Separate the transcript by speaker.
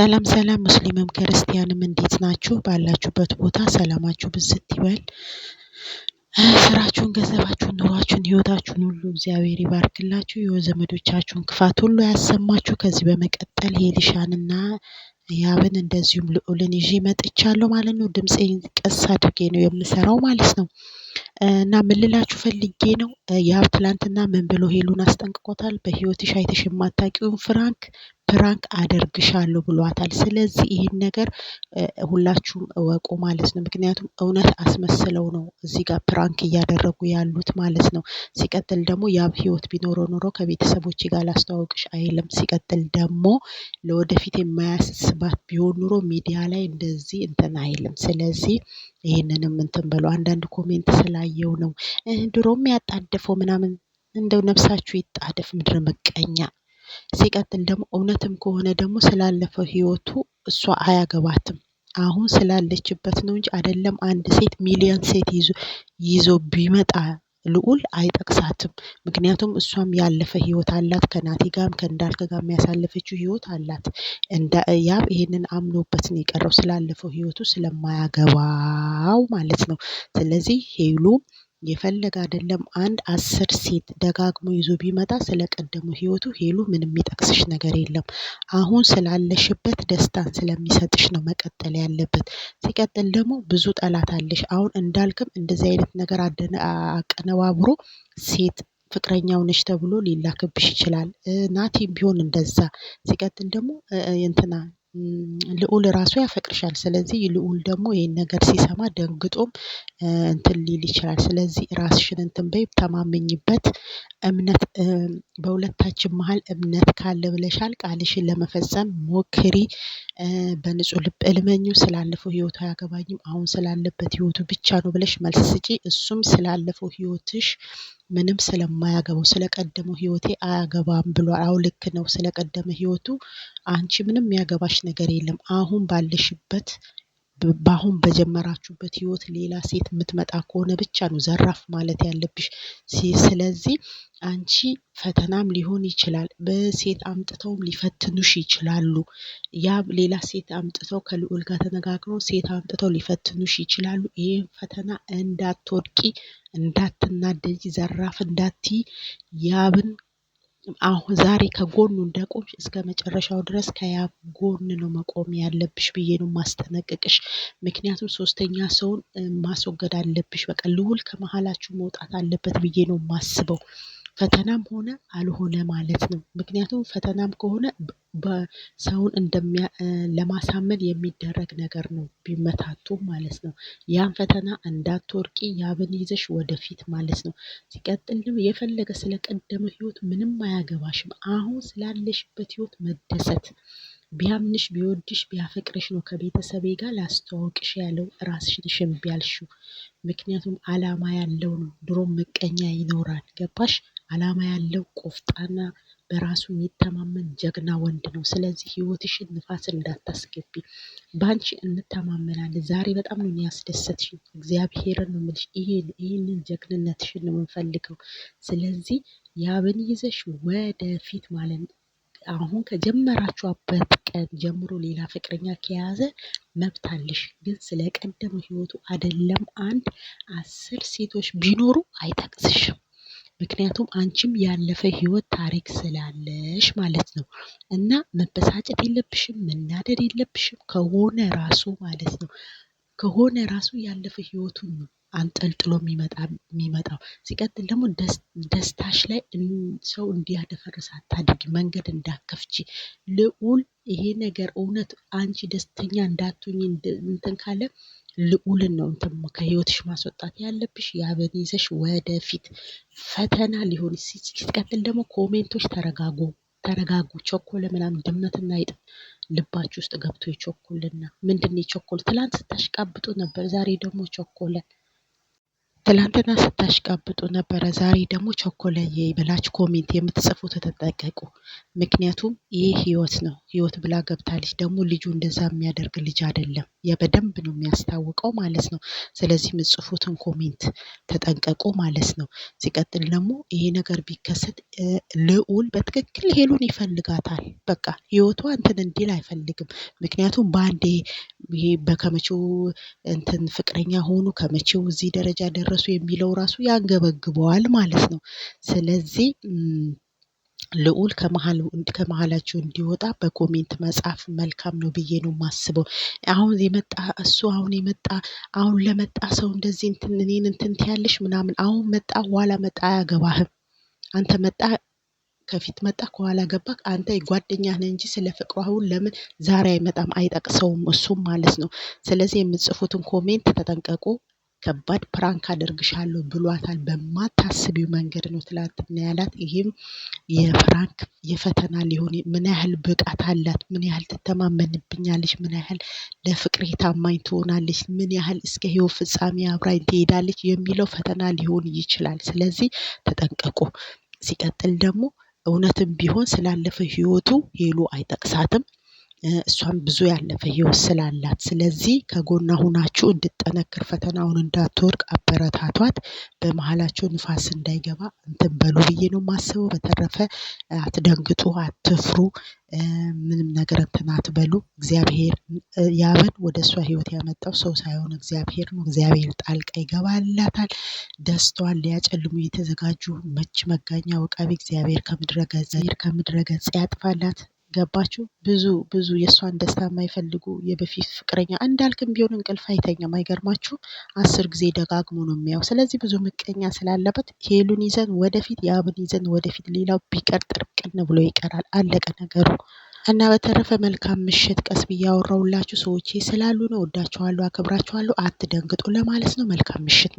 Speaker 1: ሰላም ሰላም ሙስሊምም ክርስቲያንም እንዴት ናችሁ? ባላችሁበት ቦታ ሰላማችሁ ብዝት ይበል። ስራችሁን፣ ገንዘባችሁን፣ ኑሯችሁን፣ ህይወታችሁን ሁሉ እግዚአብሔር ይባርክላችሁ። የወዘመዶቻችሁን ክፋት ሁሉ ያሰማችሁ። ከዚህ በመቀጠል ሄሊሻንና ያብን እንደዚሁም ልዑልን ይዤ መጥቻለሁ ማለት ነው። ድምፄን ቀስ አድርጌ ነው የምሰራው ማለት ነው። እና ምልላችሁ ፈልጌ ነው ያብ ትላንትና ምን ብሎ ሄሉን አስጠንቅቆታል። በህይወትሽ አይተሽ የማታውቂውን ፍራንክ ፕራንክ አደርግሻለሁ ብሏታል። ስለዚህ ይህን ነገር ሁላችሁም እወቁ ማለት ነው። ምክንያቱም እውነት አስመስለው ነው እዚህ ጋር ፕራንክ እያደረጉ ያሉት ማለት ነው። ሲቀጥል ደግሞ ያብ ህይወት ቢኖረ ኖሮ ከቤተሰቦች ጋር ላስተዋውቅሽ አይልም። ሲቀጥል ደግሞ ለወደፊት የማያስባት ቢሆን ኑሮ ሚዲያ ላይ እንደዚህ እንትን አይልም። ስለዚህ ይህንንም እንትን በሉ። አንዳንድ ኮሜንት ስላየው ነው ድሮም ያጣደፈው ምናምን እንደው ነፍሳችሁ ይጣደፍ ምድረ መቀኛ ሲቀጥል ደግሞ እውነትም ከሆነ ደግሞ ስላለፈው ህይወቱ እሷ አያገባትም። አሁን ስላለችበት ነው እንጂ አይደለም አንድ ሴት ሚሊዮን ሴት ይዞ ቢመጣ ልዑል አይጠቅሳትም። ምክንያቱም እሷም ያለፈ ህይወት አላት። ከናቲ ጋርም ከእንዳልከ ጋር የሚያሳለፈችው ህይወት አላት። ያብ ይሄንን አምኖበት ነው የቀረው ስላለፈው ህይወቱ ስለማያገባው ማለት ነው። ስለዚህ ሄሉ የፈለገ አይደለም አንድ አስር ሴት ደጋግሞ ይዞ ቢመጣ ስለ ቀደሙ ህይወቱ ሄሉ ምንም የሚጠቅስሽ ነገር የለም። አሁን ስላለሽበት ደስታን ስለሚሰጥሽ ነው መቀጠል ያለበት። ሲቀጥል ደግሞ ብዙ ጠላት አለሽ። አሁን እንዳልክም እንደዚህ አይነት ነገር አቀነባብሮ ሴት ፍቅረኛው ነሽ ተብሎ ሊላክብሽ ይችላል። ናቲም ቢሆን እንደዛ ሲቀጥል ደግሞ እንትና ልዑል ራሱ ያፈቅርሻል ስለዚህ ልዑል ደግሞ ይህን ነገር ሲሰማ ደንግጦም እንትን ሊል ይችላል። ስለዚህ ራስሽን እንትን በይ ተማመኝበት እምነት በሁለታችን መሀል እምነት ካለ ብለሻል ቃልሽን ለመፈጸም ሞክሪ። በንጹህ ልብ እልመኙ። ስላለፈው ህይወቱ አያገባኝም አሁን ስላለበት ህይወቱ ብቻ ነው ብለሽ መልስ ስጪ። እሱም ስላለፈው ህይወትሽ ምንም ስለማያገባው ስለቀደመው ህይወቴ አያገባም ብሏል። አዎ ልክ ነው። ስለቀደመ ህይወቱ አንቺ ምንም ያገባሽ ነገር የለም። አሁን ባለሽበት በአሁን በጀመራችሁበት ህይወት ሌላ ሴት የምትመጣ ከሆነ ብቻ ነው ዘራፍ ማለት ያለብሽ። ስለዚህ አንቺ ፈተናም ሊሆን ይችላል በሴት አምጥተውም ሊፈትኑሽ ይችላሉ። ያ ሌላ ሴት አምጥተው ከልዑል ጋር ተነጋግረው ሴት አምጥተው ሊፈትኑሽ ይችላሉ። ይህን ፈተና እንዳትወድቂ እንዳትናደጂ ዘራፍ እንዳትይ ያብን አሁን ዛሬ ከጎኑ እንደቆምሽ እስከ መጨረሻው ድረስ ከያብ ጎን ነው መቆም ያለብሽ ብዬ ነው ማስጠነቅቅሽ። ምክንያቱም ሶስተኛ ሰውን ማስወገድ አለብሽ። በቃ ልውል ከመሀላችሁ መውጣት አለበት ብዬ ነው ማስበው። ፈተናም ሆነ አልሆነ ማለት ነው። ምክንያቱም ፈተናም ከሆነ ሰውን ለማሳመን የሚደረግ ነገር ነው ቢመታቱ ማለት ነው። ያን ፈተና እንዳትወድቂ ያብን ይዘሽ ወደፊት ማለት ነው። ሲቀጥል የፈለገ ስለ ቀደመ ህይወት ምንም አያገባሽም። አሁን ስላለሽበት ህይወት መደሰት ቢያምንሽ ቢወድሽ ቢያፈቅርሽ ነው ከቤተሰቤ ጋር ላስተዋውቅሽ ያለው ራስሽ ነሽ ያልሽው። ምክንያቱም አላማ ያለው ነው ድሮም ምቀኛ ይኖራል ገባሽ? አላማ ያለው ቆፍጣና በራሱ የሚተማመን ጀግና ወንድ ነው። ስለዚህ ህይወትሽን ንፋስ እንዳታስገቢ፣ በአንቺ እንተማመናለን። ዛሬ በጣም ነው የሚያስደሰትሽኝ። እግዚአብሔርን ነው የምልሽ። ይህንን ጀግንነትሽን ነው የምንፈልገው። ስለዚህ ያብን ይዘሽ ወደፊት ማለት ነው። አሁን ከጀመራችኋበት ቀን ጀምሮ ሌላ ፍቅረኛ ከያዘ መብት አለሽ። ግን ስለ ቀደመው ህይወቱ አይደለም አንድ አስር ሴቶች ቢኖሩ አይጠቅስሽም። ምክንያቱም አንቺም ያለፈ ህይወት ታሪክ ስላለሽ ማለት ነው። እና መበሳጨት የለብሽም፣ መናደድ የለብሽም። ከሆነ ራሱ ማለት ነው ከሆነ ራሱ ያለፈ ህይወቱን ነው አንጠልጥሎ የሚመጣው። ሲቀጥል ደግሞ ደስታሽ ላይ ሰው እንዲያደፈርስ አታድርጊ፣ መንገድ እንዳከፍቺ። ልዑል ይሄ ነገር እውነት አንቺ ደስተኛ እንዳትሆኝ እንትን ካለ ልዑልን ነው እንትን ከህይወትሽ ማስወጣት ያለብሽ ያበን ይዘሽ ወደፊት ፈተና ሊሆን ሲቀጥል ደግሞ ኮሜንቶች ተረጋጉ ተረጋጉ ቸኮለ ምናምን ድመትና ይጥ ልባችሁ ውስጥ ገብቶ የቸኮልና ምንድን የቸኮል ትላንት ስታሽቃብጡ ነበር ዛሬ ደግሞ ቸኮለ ትላንትና ስታሽቃብጡ ነበረ ዛሬ ደግሞ ቸኮለ ብላችሁ ኮሜንት የምትጽፉ ተጠቀቁ። ምክንያቱም ይህ ህይወት ነው። ህይወት ብላ ገብታለች። ደግሞ ልጁ እንደዛ የሚያደርግ ልጅ አይደለም። በደንብ ነው የሚያስታውቀው ማለት ነው። ስለዚህ ምጽፉትን ኮሜንት ተጠንቀቁ ማለት ነው። ሲቀጥል ደግሞ ይሄ ነገር ቢከሰት ልዑል በትክክል ሄሉን ይፈልጋታል። በቃ ህይወቷ እንትን እንዲል አይፈልግም። ምክንያቱም በአንዴ ይሄ በከመቼው እንትን ፍቅረኛ ሆኑ ከመቼው እዚህ ደረጃ ደረሱ የሚለው ራሱ ያንገበግበዋል ማለት ነው። ስለዚህ ልዑል ከመሀላቸው እንዲወጣ በኮሜንት መጻፍ መልካም ነው ብዬ ነው የማስበው። አሁን የመጣ እሱ አሁን የመጣ አሁን ለመጣ ሰው እንደዚህ እንትን እኔን እንትን ትያለሽ ምናምን፣ አሁን መጣ ኋላ መጣ አያገባህም። አንተ መጣ ከፊት መጣ ከኋላ ገባ አንተ ጓደኛ ነህ እንጂ ስለ ፍቅሩ አሁን ለምን ዛሬ አይመጣም? አይጠቅሰውም እሱም ማለት ነው። ስለዚህ የምጽፉትን ኮሜንት ተጠንቀቁ። ከባድ ፕራንክ አደርግሻለሁ ብሏታል። በማታስቢው መንገድ ነው ትላንትና ያላት። ይህም የፍራንክ የፈተና ሊሆን ምን ያህል ብቃት አላት፣ ምን ያህል ትተማመንብኛለች፣ ምን ያህል ለፍቅሬ ታማኝ ትሆናለች፣ ምን ያህል እስከ ህይወት ፍጻሜ አብራኝ ትሄዳለች የሚለው ፈተና ሊሆን ይችላል። ስለዚህ ተጠንቀቁ። ሲቀጥል ደግሞ እውነትም ቢሆን ስላለፈ ህይወቱ ሄሉ አይጠቅሳትም። እሷም ብዙ ያለፈ ህይወት ስላላት ስለዚህ ከጎና ሁናችሁ እንድጠነክር ፈተናውን እንዳትወድቅ አበረታቷት። በመሃላችሁ ንፋስ እንዳይገባ እንትን በሉ ብዬ ነው የማስበው። በተረፈ አትደንግጡ፣ አትፍሩ፣ ምንም ነገር እንትን አትበሉ። እግዚአብሔር ያብን ወደ እሷ ህይወት ያመጣው ሰው ሳይሆን እግዚአብሔር ነው። እግዚአብሔር ጣልቃ ይገባላታል። ደስታዋን ሊያጨልሙ የተዘጋጁ መች መጋኛ ወቃቢ እግዚአብሔር ከምድረ ገጽ ከምድረ ገጽ ያጥፋላት። ገባችሁ ብዙ ብዙ የእሷን ደስታ የማይፈልጉ የበፊት ፍቅረኛ እንዳልክም ቢሆን እንቅልፍ አይተኛም። አይገርማችሁም? አስር ጊዜ ደጋግሞ ነው የሚያው። ስለዚህ ብዙ ምቀኛ ስላለበት ሄሉን ይዘን ወደፊት የአብን ይዘን ወደፊት፣ ሌላው ቢቀር ጥርቅን ብሎ ይቀራል። አለቀ ነገሩ እና በተረፈ መልካም ምሽት። ቀስ ብዬ ያወራሁላችሁ ሰዎቼ ስላሉ ነው። ወዳችኋለሁ፣ አከብራችኋለሁ። አትደንግጡ ለማለት ነው። መልካም ምሽት።